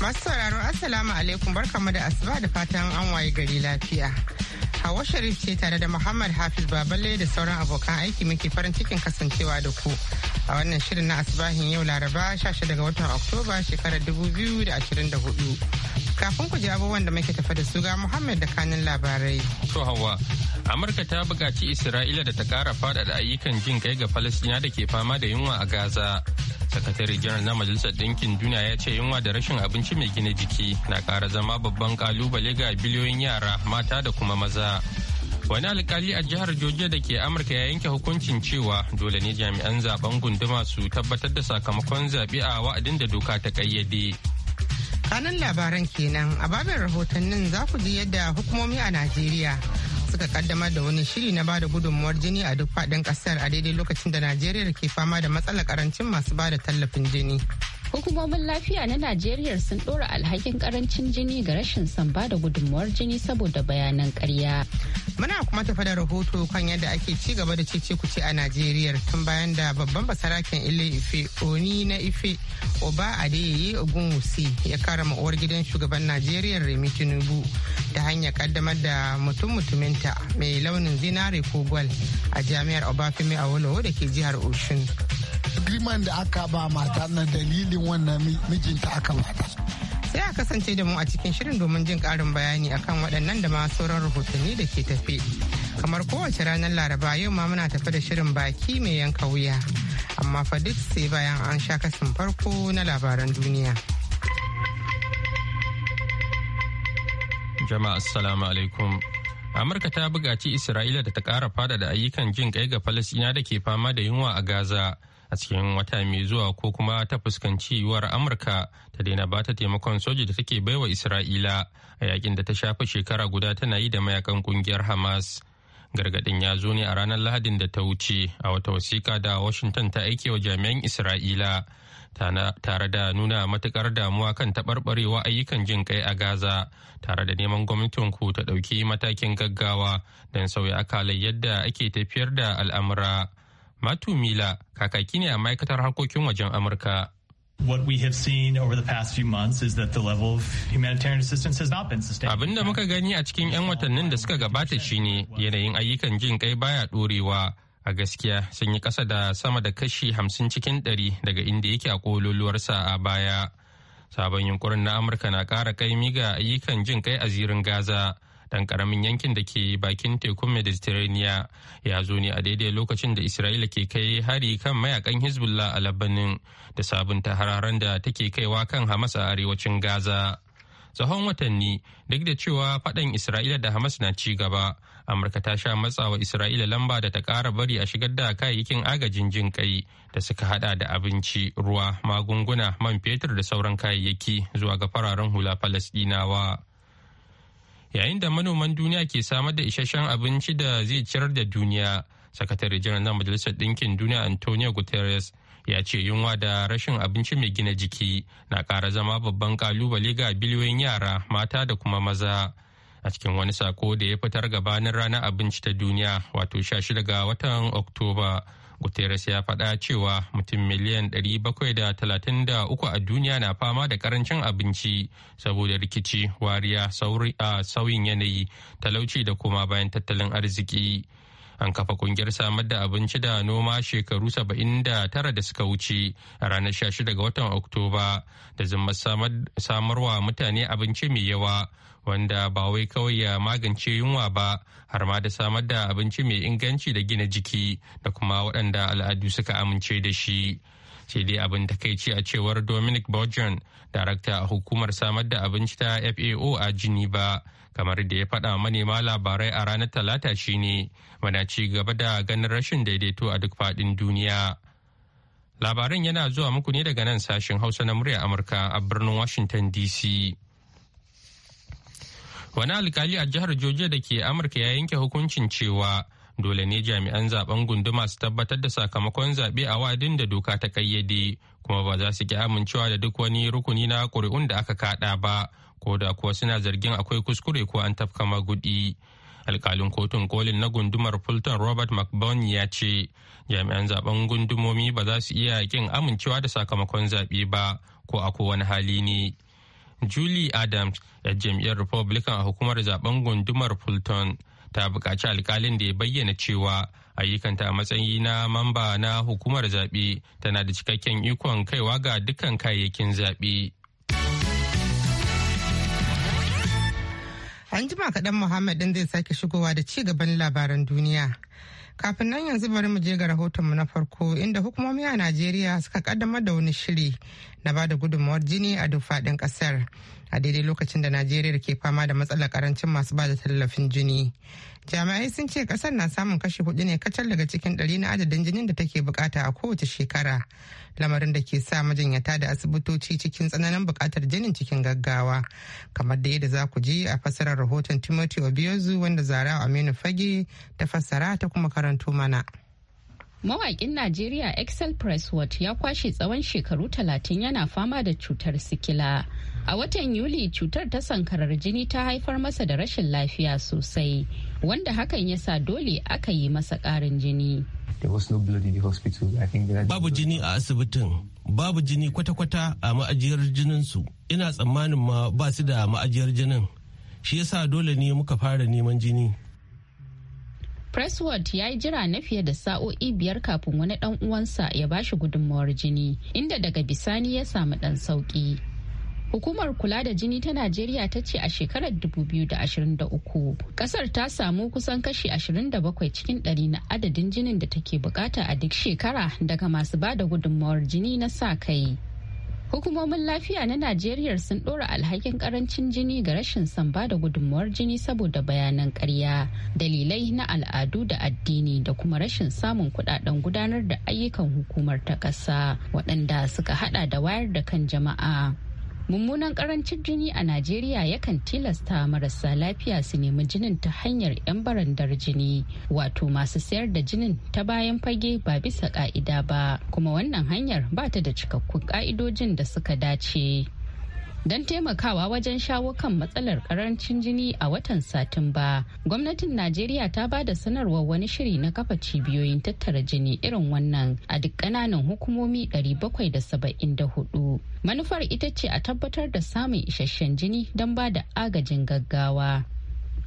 Masu sauraro Assalamu alaikum barkamu da asuba da fatan an waye gari lafiya. Hawa Sharif ce tare da Muhammad Hafiz Baballe da sauran abokan aiki muke farin cikin kasancewa da ku a wannan shirin na asubahin yau Laraba 16 ga watan Oktoba shekarar 2024. Kafin ku ji abubuwan da muke tafa da su ga Muhammad da kanin labarai. To hawa Amurka ta buƙaci Isra'ila da ta ƙara faɗaɗa ayyukan jin kai ga falastina da ke fama da yunwa a Gaza. sakatare janar na majalisar ɗinkin duniya ya ce yunwa da rashin abinci mai gina jiki na ƙara zama babban ƙalubale ga biliyoyin yara mata da kuma maza wani alkali a jihar georgia da ke amurka ya yanke hukuncin cewa dole ne jami'an zaben gunduma su tabbatar da sakamakon zaɓe a wa'adin da doka ta ƙayyade kanan labaran kenan a babin rahotannin za ku ji yadda hukumomi a najeriya suka kaddamar da wani shiri na bada gudunmuwar jini a duk faɗin ƙasar a daidai lokacin da najeriya ke fama da matsalar karancin masu bada tallafin jini Hukumomin lafiya na Najeriya sun ɗora alhakin karancin jini ga rashin samba da gudunmuwar jini saboda bayanan karya. Muna kuma tafa da rahoto kan yadda ake ci gaba da cece kuce a Najeriya tun bayan da babban basaraken ile ife oni na ife oba adeyeye wusi ya karama uwar gidan shugaban Najeriya Remi Tinubu ta hanyar kaddamar da mutum mutuminta mai launin zinare ko gwal a jami'ar Obafemi a da ke jihar Oshun. agreement da aka ba mata na dalilin wannan mijinta aka bata. sai a kasance da mu a cikin shirin domin jin karin bayani akan waɗannan da ma sauran rahotanni da ke tafe kamar kowace ranar laraba yau ma muna tafe da shirin baki mai yanka wuya amma fa duk sai bayan an sha kasin farko na labaran duniya jama'a assalamu alaikum amurka ta bugaci isra'ila da ta kara fada da ayyukan jin kai ga falasina da ke fama da yunwa a gaza a cikin wata mai zuwa ko kuma ta fuskanci yiwuwar amurka ta daina ba ta taimakon soja da take baiwa isra'ila a yakin da ta shafi shekara guda tana yi da mayakan kungiyar hamas gargadin ya zo ne a ranar lahadin da ta wuce a wata wasiƙa da washington ta aike wa jami'an isra'ila tare da nuna matukar damuwa kan taɓarɓarewa ayyukan jin kai a gaza tare da neman gwamnatin ku ta ɗauki matakin gaggawa don sauya akalai yadda ake tafiyar da al'amura Matu Mila kakaki ne a ma'aikatar harkokin wajen Amurka. What we have seen over the past few months is that the level of humanitarian assistance has not been sustained. Abin da muka gani a cikin 'yan watannin da suka gabata shine yanayin ayyukan jin kai baya ɗorewa. A gaskiya sun yi ƙasa da sama da kashi hamsin cikin ɗari daga inda yake a kololuwarsa a baya. Sabon yunkurin na Amurka na ƙara kaimi ga ayyukan jin kai a zirin Gaza. ɗan ƙaramin yankin da ke bakin tekun mediterranean ya zo ne a daidai lokacin da isra'ila ke kai hari kan mayakan hezbollah a labanin da sabunta hararen da take kaiwa kan hamas a arewacin gaza tsawon watanni duk da cewa faɗan isra'ila da hamas na ci gaba amurka ta sha matsa wa isra'ila lamba da ta kara bari a shigar da kayayyakin agajin jin kai da suka hada da abinci ruwa magunguna man fetur da sauran kayayyaki zuwa ga fararen hula falasɗinawa yayin da manoman duniya ke samar da isasshen abinci da zai ciyar da duniya sakatare janar na majalisar ɗinkin duniya antonio guterres ya ce yunwa da rashin abinci mai gina jiki na kara zama babban kalubale ga biliyoyin yara mata da kuma maza a cikin wani sako da ya fitar gabanin ranar abinci ta duniya wato 16 ga watan oktoba Guterres ya faɗa cewa mutum miliyan 733 a duniya na fama da karancin abinci saboda rikici, wariya, sauyin yanayi, talauci da kuma bayan tattalin arziki. An kafa kungiyar samar da abinci da noma shekaru 79 da suka wuce a ranar 16 ga watan Oktoba da zimmar samarwa mutane abinci mai yawa wanda ba wai kawai ya magance yunwa ba har ma da samar da abinci mai inganci da gina jiki da kuma waɗanda al'adu suka amince da shi sai dai abin takaici a cewar dominic bojan darakta a hukumar samar da abinci ta fao a jini ba, kamar da ya faɗa manema labarai a ranar talata shine mana ci gaba da ganin rashin daidaito a duk faɗin duniya Labarin yana zuwa muku ne daga nan sashen hausa na murya amurka a birnin washington dc wani alkali a jihar georgia da ke amurka ya yanke hukuncin cewa dole ne jami'an zaben gunduma su tabbatar da sakamakon zaɓe a wadin da doka ta kayyade kuma ba za su ki amincewa da duk wani rukuni na ƙuri'un da aka kaɗa ba ko da kuwa suna zargin akwai kuskure ko an tafka magudi alkalin kotun kolin na gundumar fulton robert McBurn ya ce jami'an zaben gundumomi ba za su iya yakin amincewa da sakamakon zaɓe ba ko a kowane hali ne julie adams yar jam'iyyar republican a hukumar zaben gundumar fulton ta buƙaci alƙalin da ya bayyana cewa ayyukanta a matsayi na mamba na hukumar zaɓe tana da cikakken ikon kaiwa ga dukkan kayayyakin zaɓe. An jima kaɗan Muhammad ɗin zai sake shigowa da ci gaban labaran duniya. Kafin nan yanzu bari mu je ga rahotonmu na farko inda hukumomi a Najeriya suka kaddamar da wani shiri na bada gudunmawar jini a duk faɗin ƙasar. a daidai lokacin da najeriya ke fama da matsalar karancin masu ba da tallafin jini jami'ai sun ce kasar na samun kashe hudu ne kacal daga cikin ɗari na adadin jinin da take bukata a kowace shekara lamarin da ke sa majinyata da asibitoci cikin tsananin bukatar jinin cikin gaggawa kamar da yadda za ku ji a fassarar rahoton timothy obiozu wanda zara aminu fage ta fassara ta kuma karanto mana Mawaƙin Najeriya Excel Watch ya kwashe tsawon shekaru talatin yana fama da cutar sikila. A watan Yuli cutar ta sankarar jini ta haifar masa da rashin lafiya sosai, wanda hakan ya sa dole aka yi masa ƙarin jini. Babu jini a asibitin, babu jini kwata-kwata a ma'ajiyar jininsu. Ina tsammanin ma ba su da ma'ajiyar jinin. Shi ya sa dole ne muka fara neman jini. Presswood ya yi jira na fiye da sa'o'i biyar kafin wani dan uwansa ya bashi gudunmawar jini inda daga bisani ya samu dan sauki. Hukumar kula da jini ta Najeriya ta ce a shekarar 2023 kasar ta samu kusan kashi 27 cikin ɗari na adadin jinin da take bukata a duk shekara daga masu bada gudunmawar jini na sa kai. Hukumomin lafiya na Najeriya sun ɗora alhakin ƙarancin jini ga rashin samba da gudunmuwar jini saboda bayanan ƙarya, dalilai na al'adu da addini da kuma rashin samun kuɗaɗen gudanar da ayyukan hukumar ta ƙasa waɗanda suka haɗa da wayar da kan jama'a. mummunan karancin jini a najeriya yakan tilasta marasa lafiya su nemi jinin ta hanyar 'yan barandar jini wato masu sayar da jinin ta bayan fage ba bisa ka'ida ba kuma wannan hanyar ba ta da cikakkun ka'idojin da suka dace don taimakawa wajen shawo kan matsalar karancin jini a watan satumba gwamnatin najeriya ta ba da sanarwar wani shiri na kafa cibiyoyin tattara jini irin wannan a duk ƙananan hukumomi 774 manufar ita ce a tabbatar da samun isasshen jini don ba da agajin gaggawa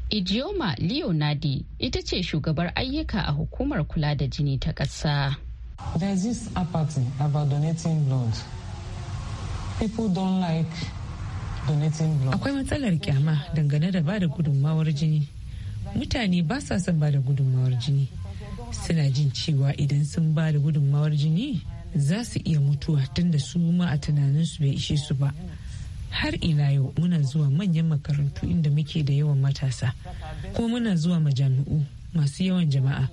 ijioma leonardi ita ce shugabar ayyuka a hukumar kula da jini ta ƙasa. There is this apathy about donating blood. People don't like Akwai matsalar kyama dangane da ba da gudunmawar jini. Mutane ba sa son ba da gudunmawar jini. Suna jin cewa idan sun ba da gudunmawar jini za su iya mutuwa tunda su ma a tunaninsu bai ishe su ba. har ila yau muna zuwa manyan makarantu inda muke da yawan matasa ko muna zuwa majami'u masu yawan jama'a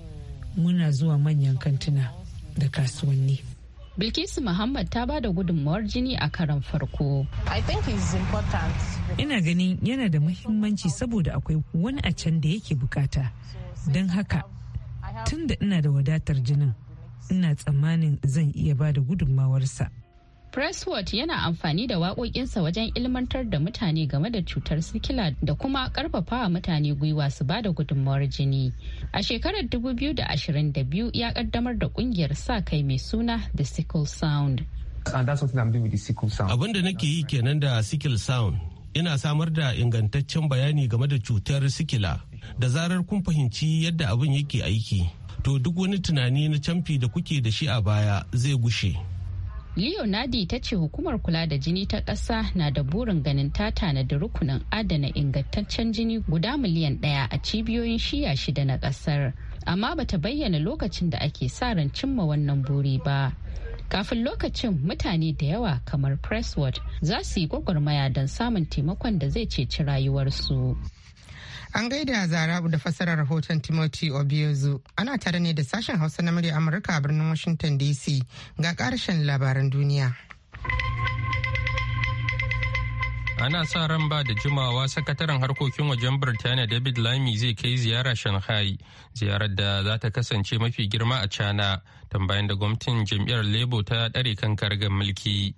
muna zuwa manyan kantuna da kasuwanni Bilkisu Muhammad ta ba da gudunmawar jini a karan farko. Ina ganin yana da muhimmanci saboda akwai wani a can da yake bukata. Don haka, tunda ina da wadatar jinin, ina tsammanin zan iya ba da gudunmawarsa. Presswood yana amfani da waƙoƙinsa wajen ilmantar da mutane game da cutar sikila da kuma ƙarfafawa mutane gwiwa su ba da gudunmawar jini. A shekarar 2022 ya ƙaddamar da ƙungiyar sa kai mai suna The Sickle Sound. Abin da nake yi kenan da Sickle Sound ina samar da ingantaccen bayani game da cutar sikila da zarar kun fahimci yadda abin yake aiki. To duk wani tunani na camfi da kuke da shi a baya zai gushe. Leonardi ta ce hukumar kula da jini ta ƙasa na da burin ganin ta tanadi rukunin adana ingantaccen jini guda miliyan ɗaya a cibiyoyin shiya shida na ƙasar, amma bata bayyana lokacin da ake sa ran cimma wannan buri ba. Kafin lokacin mutane da yawa kamar Presswood za su yi gwagwarmaya don samun taimakon da zai ceci rayuwarsu. An gaida Zarabu da fassarar rahoton Timothy Obiezu. Ana tare ne da sashen Hausa na murya Amurka a birnin Washington DC ga ƙarshen labaran duniya. Ana sa ran ba da jimawa sakataren harkokin wajen Birtaniya David Lamy zai kai ziyara Shanghai, ziyarar da za ta kasance mafi girma a China, tambayan da gwamnatin jam'iyyar Labour ta ɗare kan kargan mulki.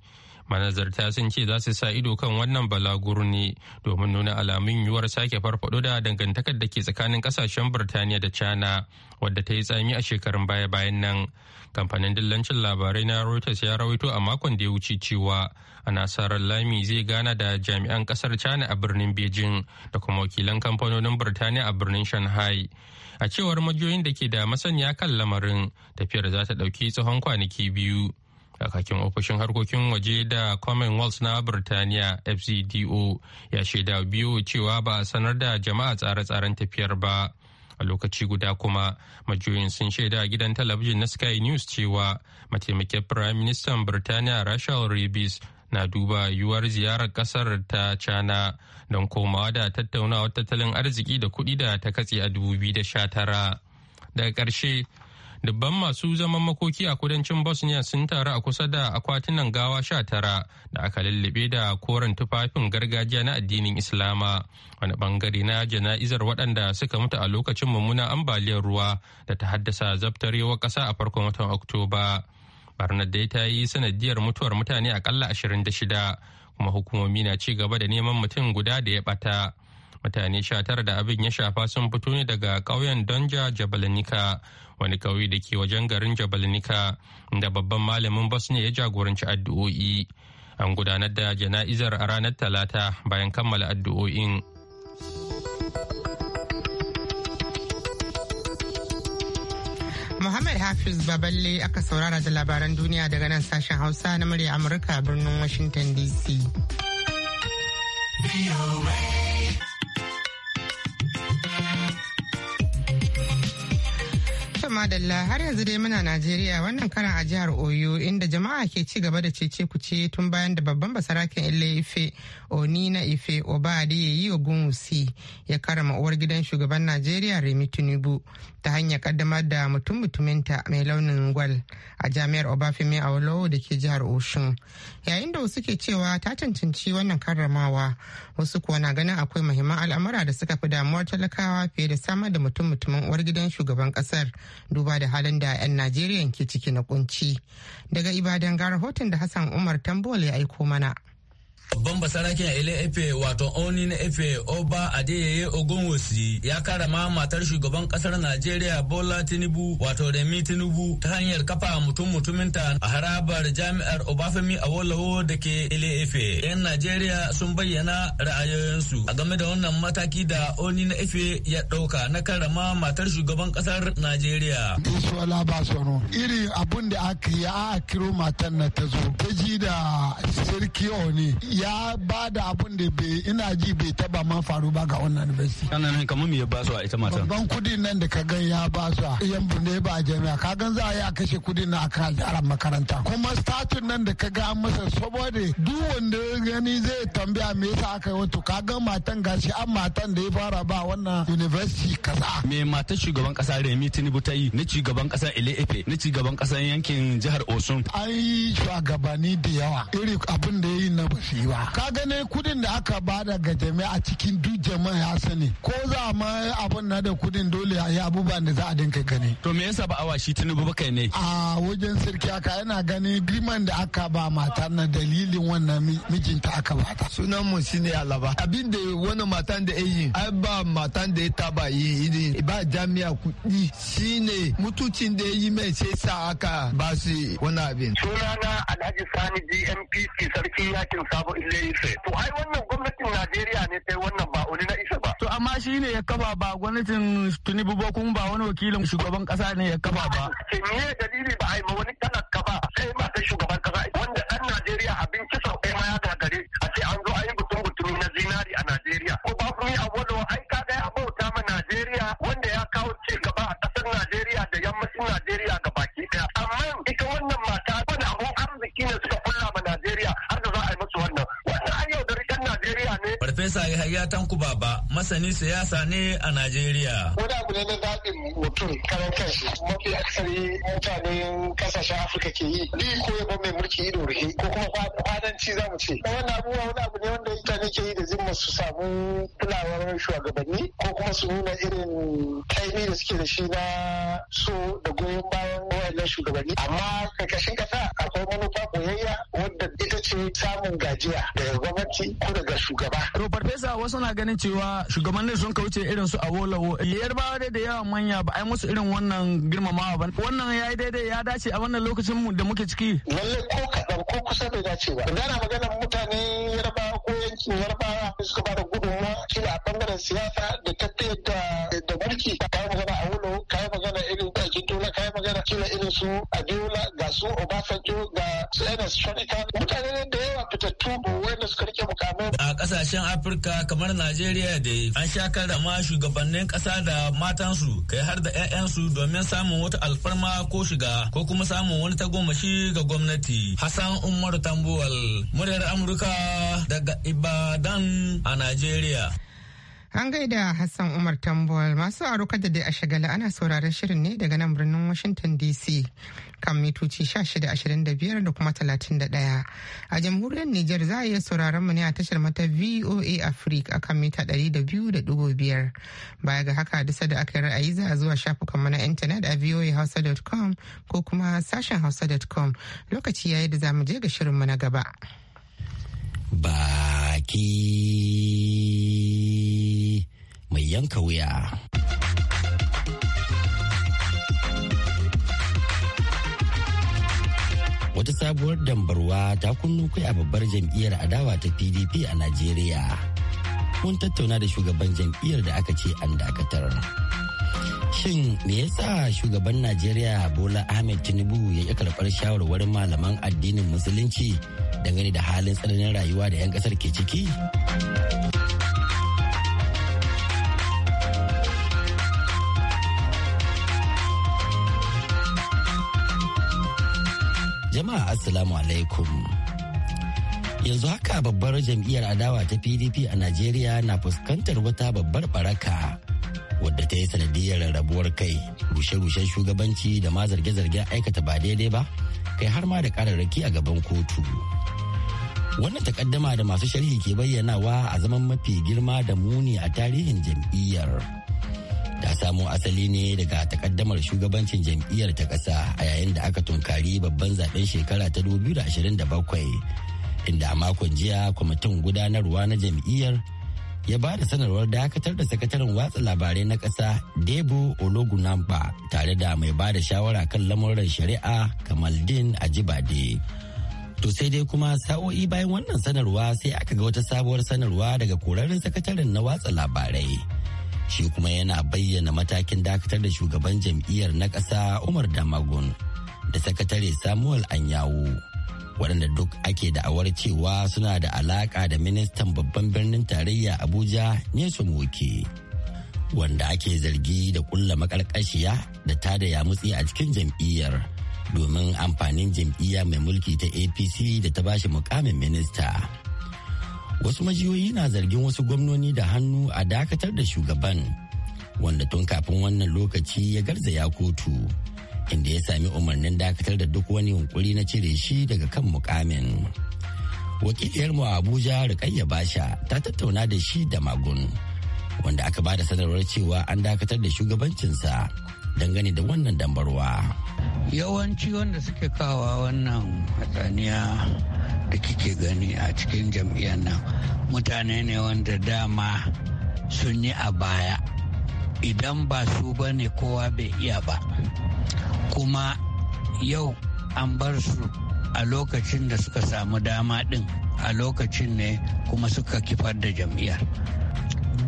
manazarta sun ce za su sa ido kan wannan balagur ne domin nuna alamun yiwuwar sake farfado da dangantakar da ke tsakanin kasashen birtaniya da china wadda ta yi tsami a shekarun baya-bayan nan kamfanin dillancin labarai na reuters ya rawaito a makon da ya wuce cewa ana nasarar lami zai gana da jami'an kasar china a birnin beijing da kuma wakilan kamfanonin birtaniya a birnin shanghai a cewar majiyoyin da ke da masaniya kan lamarin tafiyar za ta ɗauki tsohon kwanaki biyu kakakin ofishin harkokin waje da commonwealth na birtaniya fcdo ya shaida biyu cewa ba a sanar da jama'a tsare-tsaren tafiyar ba a lokaci guda kuma majiyoyin sun shaida a gidan talabijin na sky news cewa mataimakin prime minister birtaniya rachel reeves na duba yiwuwar ziyarar kasar ta cana don komawa da tattaunawar tattalin arziki da kuɗi da ta katse a 2019 daga ƙarshe dubban masu zaman makoki a kudancin bosnia sun taru a kusa da akwatunan gawa sha tara da aka lullube da koren tufafin gargajiya na addinin islama wani bangare na jana'izar waɗanda suka mutu a lokacin mummunan ambaliyar ruwa da ta haddasa zabtarewar ƙasa a farkon watan oktoba barnar da ta yi sanadiyar mutuwar mutane akalla shida kuma hukumomi na ci gaba da neman mutum guda da ya ɓata mutane sha tara da abin ya shafa sun fito ne daga ƙauyen donja jabalnika wani ƙauye da ke wajen garin jabalnika da babban malamin ne ya jagoranci addu'o'i an gudanar da jana'izar a ranar talata bayan kammala addu'o'in Muhammad Hafiz Baballe aka saurara da labaran duniya daga nan sashen Hausa na murya Amurka birnin Washington DC. madalla har yanzu dai muna Najeriya wannan karan a jihar Oyo inda jama'a ke ci gaba da cece kuce tun bayan da babban basarakin Ile Ife Oni na Ife Obade ya yi ogun wusi ya karama uwar gidan shugaban Najeriya Remi Tinubu ta hanyar kaddamar da mutum mutuminta mai launin gwal a jami'ar Obafemi Awolowo da ke jihar Osun. Yayin da wasu ke cewa ta cancanci wannan karramawa wasu kuwa na ganin akwai muhimman al'amura da suka fi damuwar talakawa fiye da samar da mutum mutumin uwar gidan shugaban kasar duba da halin da 'yan Najeriya ke ciki na kunci. Daga Ibadan ga rahoton da Hassan Umar Tambol ya aiko mana. Bamba sarakin Ele Efe wato Onin Efe Oba Adeyeye Ogunwusi ya karama matar shugaban kasar Najeriya Bola Tinubu wato Remi Tinubu ta hanyar kafa mutum mutuminta a harabar jami'ar Obafemi Awolowo da ke Ele Efe. 'Yan Najeriya sun bayyana ra'ayoyinsu a game da wannan mataki da Onin Efe ya ɗauka na karama matar shugaban kasar Najeriya. Iswala sono iri abun da aka yi a kiro matan na ta zo ta ji da Sirki Oni ya ba da abun da bai ina ji bai taba ma faru ba ga wannan university kana nan kamar me ya ba su a ita matan ban kudin nan da ka gan ya ba su yan bune ba jami'a ka gan za a ya kashe kudin na aka jara makaranta kuma statut nan da ka ga masa saboda duk wanda gani zai tambaya me yasa aka yi wato ka gan matan gashi an matan da ya fara ba wannan university kaza me matan shugaban kasa Remi Tinubu ta yi na shugaban kasa Ile Efe na shugaban kasa yankin jihar Osun an yi shugabanni da yawa iri abin da ya yi na bashi yi ba ka gane kudin da aka bada ga jami'a cikin duk jama'a ya sani ko za ma abin na da kudin dole a yi abubuwan da za a dinka gani to me yasa ba awa shi tunubu ba kai ne a wajen sarki aka yana gani griman da aka ba mata na dalilin wannan mijinta aka ba ta. sunan mu shine alaba abin da wani matan da yi ai ba matan da ya taba yi ba jami'a kudi shine mutuncin da ya yi mai sai sa aka ba su wani abin sunana alhaji sani gmpc Sarki yakin Sabo. ile to ai wannan gwamnatin najeriya ne ta wannan ba wani na isa ba to amma shi ne ya kafa ba gwamnatin tinubu ba kuma ba wani wakilin shugaban kasa ne ya kafa ba ke ne dalili ba a yi ma wani talaka ba sai ma ta shugaban kasa wanda dan najeriya a sau ɗaya ma ya gagare a ce an zo a yi butun butumi na zinari a najeriya ko ba ku yi abu wa? ai ka ga ya bauta ma najeriya wanda ya kawo ci gaba a ƙasar najeriya da yammacin najeriya ga baki ɗaya amma ita wannan mata Farfesa Yahaya Tanku Baba masani siyasa ne a Najeriya. Wani abu ne na zaɓin mutum karan kanshi mafi aksari mutanen kasashen Afirka ke yi. Ni ko ya mai mulki ido rufe ko kuma ci za mu ce. Wannan abu wani abu ne wanda mutane ke yi da zimma su samu kulawar shugabanni ko kuma su nuna irin kaimi da suke da shi na so da goyon bayan wayannan shugabanni. Amma karkashin kasa akwai manufa boyayya wadda ita ce samun gajiya daga gwamnati ko daga shugaba. To farfesa wasu na ganin cewa shugabannin sun kauce irin su a Awolowo. Yarbawa dai da yawan manya ba ai musu irin wannan girmamawa ba. Wannan ya yi daidai ya dace a wannan lokacin mu da muke ciki. Lalle ko kaɗan ko kusa da dace ba. Idan ana maganar mutane Yarbawa ko yankin Yarbawa suka ba da gudunmawa kila a bangaren siyasa da ta da mulki. yi magana a ka yi magana irin kila kai magana kila irin su adeola ga su Obasanjo ga su Ernest Shonika mutane da yawa fitattu wanda suka rike mukamai. A kasashen Afirka kamar Najeriya da an sha da ma shugabannin kasa da matansu kai har da 'ya'yansu domin samun wata alfarma ko shiga ko kuma samun wani tagomashi ga gwamnati. Hassan Umaru Tambuwal, muryar Amurka daga Ibadan a Najeriya. An gaida Hassan Umar Tambol masu aruka da dai a shagala ana sauraron shirin ne daga nan birnin Washington DC kan mitoci 1625 da kuma 31. A jamhuriyar Nijar za a iya sauraron mu ne a tashar mata VOA Africa a kan mita 200.5. Baya ga haka disa da aka yi ra'ayi za a zuwa shafukan mu na intanet a voahausa.com ko kuma sashen hausa.com lokaci yayi da za mu je ga shirin mu na gaba. Baki. mai yanka wuya. Wata sabuwar dambarwa ta kunnu kai a babbar jam'iyyar adawa ta PDP a Najeriya. Mun tattauna da shugaban jam'iyyar da aka ce an dakatar. Shin me yasa shugaban Najeriya Bola Ahmed Tinubu ya yi karɓar shawarwarin malaman addinin Musulunci dangane da halin tsananin rayuwa da 'yan ƙasar ke ciki? assalamu alaikum yanzu haka babbar jam'iyyar adawa ta pdp a najeriya na fuskantar wata babbar baraka wadda ta yi sanadiyar rabuwar kai rushe-rushen shugabanci da ma zarge-zargen aikata ba daidai ba kai har ma da kararraki a gaban kotu wannan takaddama da masu sharhi ke bayyanawa a zaman mafi girma da muni a tarihin jam'iyyar ta samo asali ne daga takaddamar shugabancin jam'iyyar ta ƙasa a yayin da aka tunkari babban zaben shekara ta 2027 inda a makon jiya kwamitin gudanarwa na jam'iyyar ya ba da sanarwar dakatar da sakataren watsa labarai na ƙasa debo ologunamba tare da mai ba da shawara kan lamuran shari'a kamaldin ajibade to sai dai kuma sa'o'i bayan wannan sanarwa sai aka ga wata sabuwar sanarwa daga korarren sakataren na watsa labarai shi kuma yana bayyana matakin dakatar da shugaban jam'iyyar na ƙasa umar damagun da sakatare samuel anyawu waɗanda duk ake da'awar cewa suna da alaƙa da ministan babban birnin tarayya abuja ne su moke. wanda ake zargi da kulla maƙarƙashiya da tada yamutsi a cikin jam'iyyar domin amfanin jam'iyya mai mulki ta apc da ta bashi mukamin minista. wasu majiyoyi na zargin wasu gwamnoni da hannu a dakatar da shugaban wanda tun kafin wannan lokaci ya garzaya kotu inda ya sami umarnin dakatar da duk wani yunkuri na cire shi daga kan mukamin wakiliyarmu a abuja rikayya basha ta tattauna da shi da magun wanda aka ba da sanarwar cewa an dakatar da shugabancinsa dangane da wannan dambarwa yawanci wanda suke kawa wannan hatsaniya da kike gani a cikin jam'iyyar nan mutane ne wanda dama sun yi a baya idan ba su ba ne kowa bai iya ba kuma yau an bar su a lokacin da suka samu dama din a lokacin ne kuma suka kifar da jam'iyyar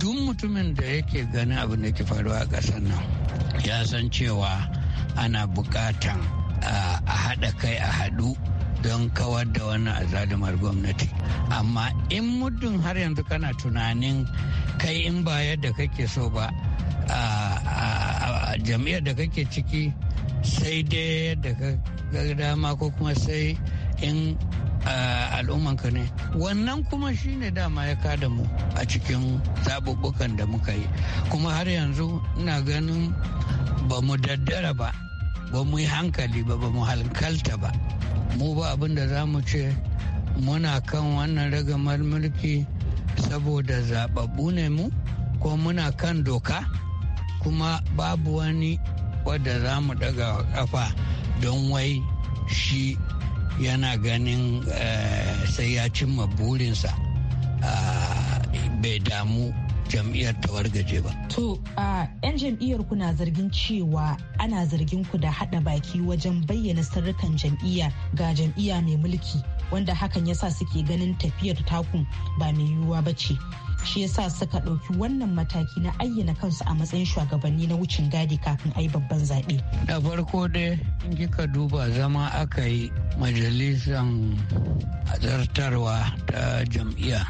duk mutumin da yake gani abin da ke faruwa a ƙasar nan ya san cewa ana bukatan ah, a haɗa kai a haɗu don kawar da wani azadumar gwamnati amma in muddin har yanzu kana tunanin kai in ba yadda kake so ba a jam'iyyar da kake ciki sai dai yadda ka dama ko kuma sai in al'ummanka ne wannan kuma shine dama ya da mu a cikin zaɓuɓɓukan da muka yi kuma har yanzu ina ganin ba mu daddara ba ba mu yi hankali ba ba mu halkalta ba mu ba abin da za mu ce muna kan wannan ragamar mulki saboda zaɓaɓɓu ne mu ko muna kan doka kuma babu wani wadda za mu daga kafa don wai shi yana ganin eh, sai ya cimma burinsa ah, bai damu jam'iyyar ta wargaje ba. To, yan jam'iyyar ku na zargin cewa ana zargin ku da haɗa baki wajen bayyana sirrukan jam'iyya ga jam'iyya mai mulki wanda hakan ya sa suke ganin tafiyar takun ba mai yiwuwa ba ce. shi ya sa suka ɗauki wannan mataki na ayyana kansu a matsayin shugabanni na wucin gadi kafin a yi babban zaɓe. da farko dai in kika duba zama aka yi majalisan zartarwa ta jam'iyya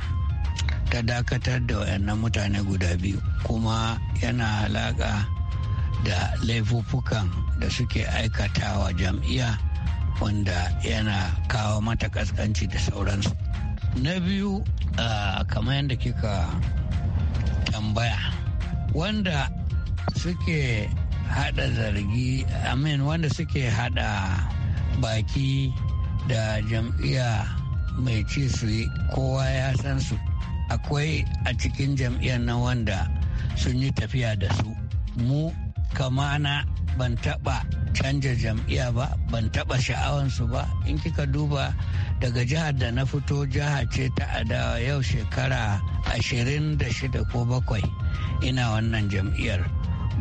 ta dakatar da wayannan mutane guda biyu kuma yana alaƙa da laifuffukan da suke aikatawa jam'iya wanda yana kawo mata kaskanci da sauransu na biyu kamar yadda kika tambaya wanda suke hada zargi amin wanda suke hada baki da jam'iya mai ci su kowa ya san su akwai a cikin jam'iyyar na wanda sun yi tafiya da su mu kamana ban taɓa canja jam'iyya ba ban taɓa sha'awansu ba in kika duba daga jihar da na fito jiha ce ta adawa yau shekara 26 ko bakwai ina wannan jam'iyyar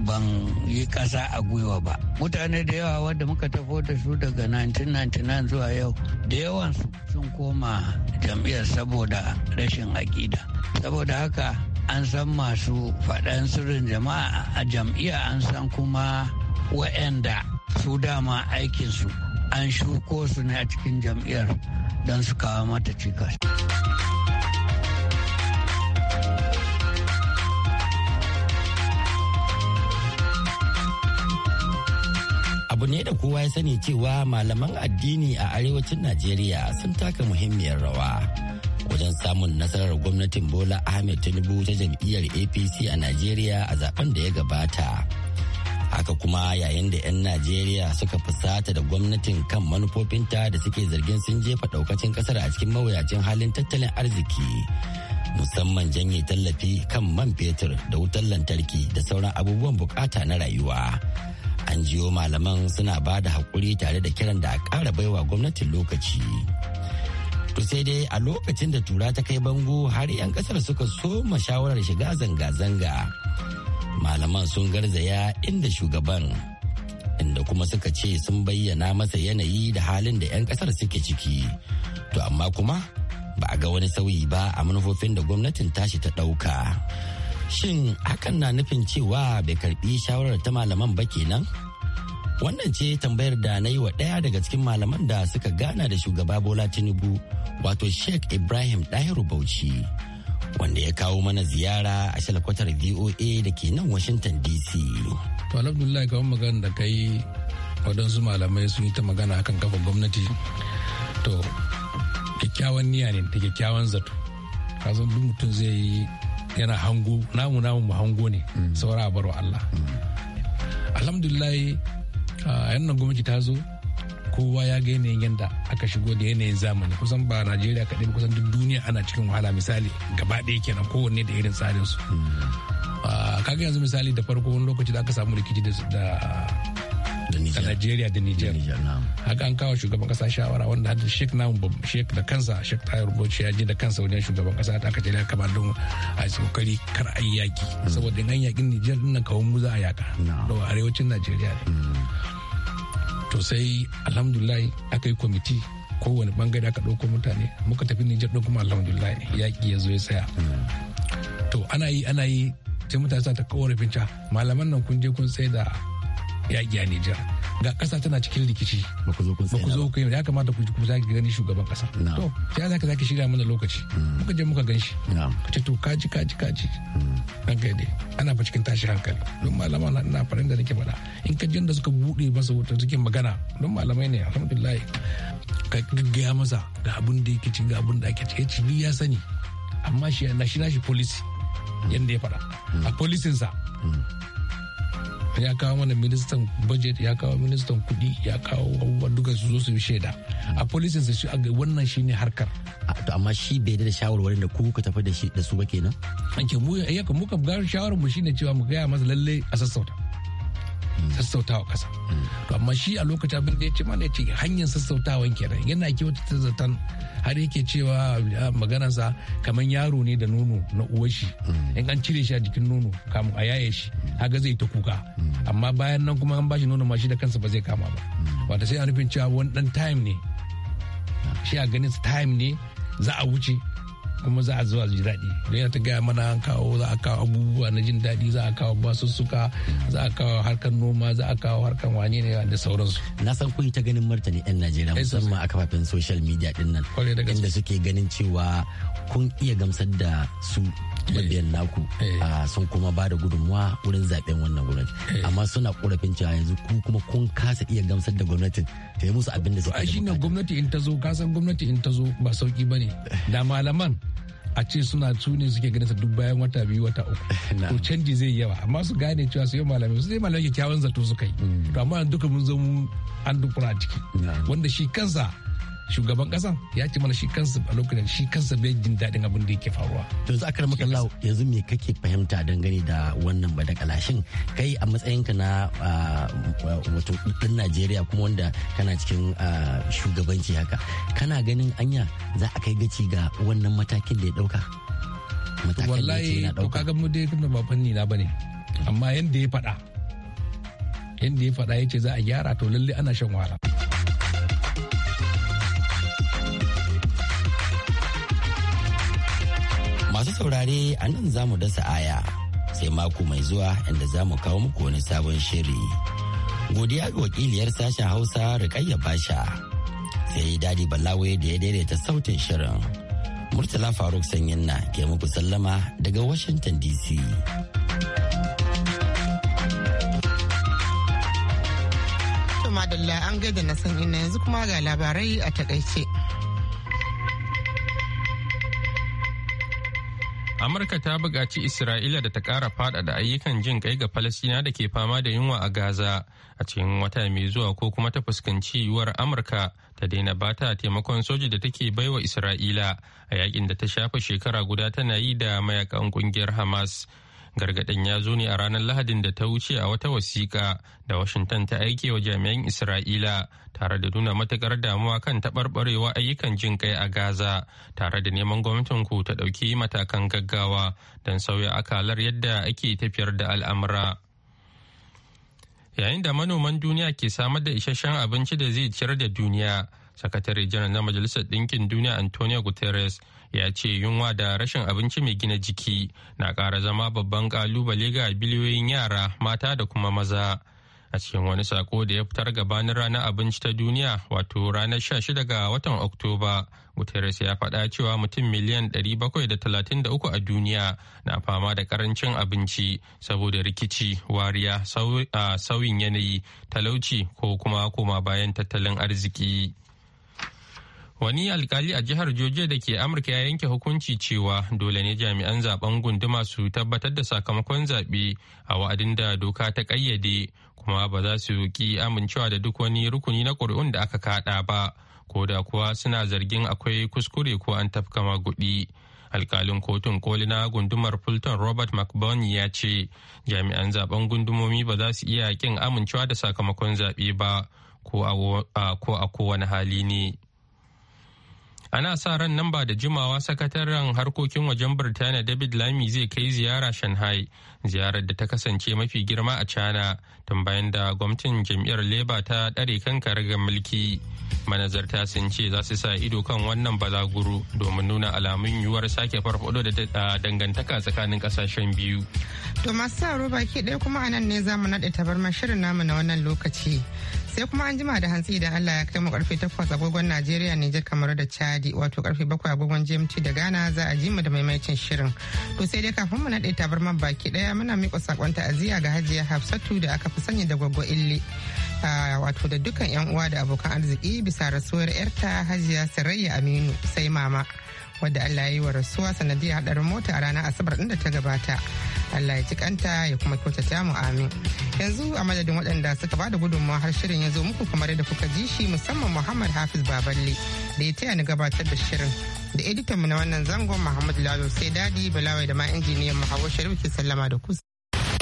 ban yi ƙasa a gwiwa ba mutane da yawa wadda muka tafo da su daga 1999 zuwa yau da yawansu sun koma jam'iyyar saboda rashin aƙida saboda haka an san masu faɗan sirrin jama'a a jam'iyya an san kuma wa'anda su dama aikinsu an shuko su ne a cikin jam'iyyar don su kawo mata cikas. abu ne da kowa ya sani cewa malaman addini a arewacin najeriya sun taka muhimmiyar rawa wajen samun nasarar gwamnatin bola ahmed tinubu ta jam'iyyar apc a najeriya a zaben da ya gabata haka kuma yayin da 'yan najeriya suka fusata da gwamnatin kan manufofinta da suke zargin sun jefa daukacin kasar a cikin mawuyacin halin tattalin arziki musamman janye tallafi kan man fetur da wutar lantarki da sauran abubuwan bukata na rayuwa an malaman suna ba da haƙuri tare da kiran da a ƙara baiwa gwamnatin lokaci to sai dai a lokacin da tura ta kai bango har 'yan ƙasar suka soma shawarar shiga zanga-zanga malaman sun garzaya inda shugaban inda kuma suka ce sun bayyana masa yanayi da halin da 'yan ƙasar suke ciki to amma kuma ba a ga wani sauyi ba a manufofin da gwamnatin tashi ta ɗauka. Shin hakan na nufin cewa bai karbi shawarar ta malaman ba kenan? Wannan ce tambayar da na yi wa ɗaya daga cikin malaman da suka gana da shugaba Bola Tinubu wato Sheikh Ibrahim Dahiru Bauchi. wanda ya kawo mana ziyara a shalakwatar VOA da ke nan Washington DC. To alhamdulillah ga magana da kai waɗansu malamai sun yi ta magana akan kafa gwamnati. To kyakkyawan niyya ne da kyakkyawan zato. Kasan duk mutum zai yi yana hango namu namu mu hango ne mm. saura a baro Allah mm. alhamdulillah yan nan gwamnati ta zo kowa ya ga yanayin yadda aka shigo da yanayin zamani kusan ba najeriya kaɗai kusan duk duniya ana cikin wahala misali gaba ɗaya kenan kowanne da irin tsarin su mm. kaga yanzu misali da farko wani lokaci da aka samu rikici da da Nigeria da Niger. Haka an kawo shugaban kasa shawara wanda hadda Sheikh Namu Sheikh da kansa Sheikh Tayyar Bauchi ya je da kansa wajen shugaban kasa da aka jira kamar don a kokari kar a yi yaki mm. saboda in an yakin Niger din nan kawun mu za a yaka. Da arewacin Najeriya. Mm. To sai alhamdulillah aka yi kwamiti kowane bangare aka ɗauko mutane muka tafi Niger din kuma alhamdulillah yaki yaƙi ya zo ya tsaya. Mm. To ana yi ana yi sai mutane sa ta kawo malaman nan kun je kun sai da yaƙi a Nijar. Ga ƙasa tana cikin rikici. Ba ku zo kun Ba ku zo ya kamata ku za ki gani shugaban ƙasa. To sai za ka zaki shirya mana lokaci. Hmm. Muka je muka gan shi. Ka ce to kaji kaji kaji. Hmm. An kai dai ana fa cikin tashi hankali. Don malama na ina farin da nake faɗa. In ka da suka buɗe masa wutar cikin magana don malamai ne alhamdulillah. Ka gaggaya masa ga abun da yake ci ga abun da ake ci. Ya ci ni ya sani. Amma shi na shi na polisi. policy. Hmm. Yanda ya faɗa. A polisinsa. ya kawo mana ministan budget ya kawo ministan kuɗi ya kawo abubuwan duka su zo su yi shaida a policies su a wannan shine harkar to amma shi bai da shawarwarin da ku ka tafi da shi da su ba kenan ke mu eh, ya mu muka gari shawarar mu shine cewa mu gaya masa lalle a sassauta sassautawa kasa mm. amma shi a lokacin abin da ya ce mana ya ce hanyar sassautawan kenan yana kyautata zaton har yake cewa maganarsa kamar yaro ne da nono na uwa shi mm. in an cire shi a jikin nono kamun a yaye shi mm. haka zai ta kuka amma bayan nan kuma an bashi nono ma shi da kansa ba zai kama ba wata sai a nufin cewa wani dan time ne shi a ganin time ne za a wuce kuma za a zuwa ji daɗi don yana ta gaya mana an kawo za a kawo abubuwa na jin daɗi za a kawo basussuka za a kawo harkar noma za a kawo harkar wane ne da sauransu na san kun ta ganin martani yan najeriya eh, musamman a kafafen social media din nan inda suke ganin cewa kun iya gamsar da su mabiyan eh. naku eh. ah, sun kuma ba da gudunmuwa wurin zaben wannan gwamnati eh. amma suna korafin cewa yanzu ku kuma kun kasa iya gamsar da gwamnatin ta yi musu abin da suke da shine gwamnati in ta zo kasan gwamnati in ta zo ba sauki ne. da malaman a ce suna tuni suke ganin sa duk bayan wata biyu wata uku to canji zai yawa amma su gane cewa su yi malamai su zai malamai kyakkyawan zato su kai hmm. to amma duka mun zo mu an dukura ciki wanda shi kansa shugaban kasa ya ci mana shi kansa a lokacin shi kansa bai jin daɗin abin da yake faruwa. To yanzu akar maka lau yanzu me kake fahimta dangane da wannan ba da kalashin? kai a matsayinka na wato ɗan Najeriya kuma wanda kana cikin shugabanci haka kana ganin anya za a kai gaci ga wannan matakin da ya ɗauka. Wallahi to kaga mu dai kuma ba fanni na bane amma yanda ya faɗa yanda ya faɗa ya ce za a gyara to lalle ana shan wahala. Masu saurare a nan za mu dasa aya sai mako mai zuwa inda za mu kawo muku wani sabon shiri. Godiya ga wakiliyar sashen Hausa Rikayya Basha. Sai Dadi Balawe da ya daidaita sautin shirin. Murtala Faruk Sanyin na ke muku sallama daga Washington DC. madalla an gaida na san na yanzu kuma ga labarai a takaice. amurka ta buƙaci isra'ila da ta ƙara faɗaɗa ayyukan jin kai ga falasina da ke fama da yunwa a gaza a cikin wata mai zuwa ko kuma ta fuskanci yiwuwar amurka ta daina bata taimakon soji da take baiwa isra'ila a yakin da ta shafa shekara guda tana yi da mayakan ƙungiyar hamas gargaɗin ya zo ne a ranar lahadin da ta wuce a wata wasiƙa da washington ta aike wa jami'an isra'ila tare da nuna matuƙar damuwa kan taɓarɓarewa ayyukan jin kai a gaza tare da neman gwamnatin ku ta ɗauki matakan gaggawa don sauya akalar yadda ake tafiyar da al'amura yayin da manoman duniya ke samar da isasshen abinci da zai ciyar da duniya sakatare janar na majalisar ɗinkin duniya antonio guterres ya ce yunwa da rashin abinci mai gina jiki na ƙara zama babban ƙalubale ga biliyoyin yara mata da kuma maza a cikin wani sako da ya fitar gabanin ranar abinci ta duniya wato ranar 16 ga watan oktoba guterres ya faɗa cewa mutum miliyan 733 a duniya na fama da karancin abinci saboda rikici wariya sauyin yanayi talauci ko kuma koma bayan tattalin arziki. Wani alkali a jihar Joje da ke Amurka ya yanke hukunci cewa dole ne jami'an zaben gunduma su tabbatar da sakamakon zaɓe a wa'adin da doka ta ƙayyade kuma ba za su ki amincewa da duk wani rukuni na ƙuri'un da aka kaɗa ba ko da kuwa suna zargin akwai kuskure ko an tafka maguɗi. alkalin kotun koli na gundumar fulton robert mcburn ya ce jami'an zaben gundumomi ba za su iya kin amincewa da sakamakon zaɓe ba ko a kowane hali ne. ana sa ran nan ba da jimawa sakataren harkokin wajen birtaniya david lami zai kai ziyara shanghai ziyarar da ta kasance mafi girma a china tun bayan da gwamnatin jam'iyyar labour ta ɗare kan karagar mulki manazarta sun ce za su sa ido kan wannan balaguro domin nuna alamun yiwuwar sake farfado da dangantaka tsakanin kasashen biyu to masu sa roba ke ɗaya kuma a nan ne za mu naɗe tabarmar shirin namu na wannan lokaci sai kuma an jima da hantsi idan Allah ya kai mu karfe 8 agogon Najeriya Nijar kamar da Chadi wato karfe 7 agogon GMT da Ghana za a ji mu da maimaicin shirin. To sai dai kafin mu nade tabarman baki daya muna miƙa sakon ta'aziyya ga Hajiya Hafsatu da aka fi sani da Gwaggo Illi. wato da dukkan yan uwa da abokan arziki bisa rasuwar yarta Hajiya Sarayya Aminu sai mama. wadda Allah ya yi wa rasuwa sanadiyar hadar mota a ranar Asabar ɗin da ta gabata. Allah ya ci kanta ya kuma kyautata mu amin. Yanzu a madadin waɗanda suka bada gudunmawa har shirin ya zo muku kamar yadda kuka ji shi musamman Muhammad Hafiz Baballe da ya taya ni gabatar da shirin. Da editan mu na wannan zangon Muhammad Lalo sai dadi Balawai da ma injiniyan mu Hawa Sharif ke sallama da kusa.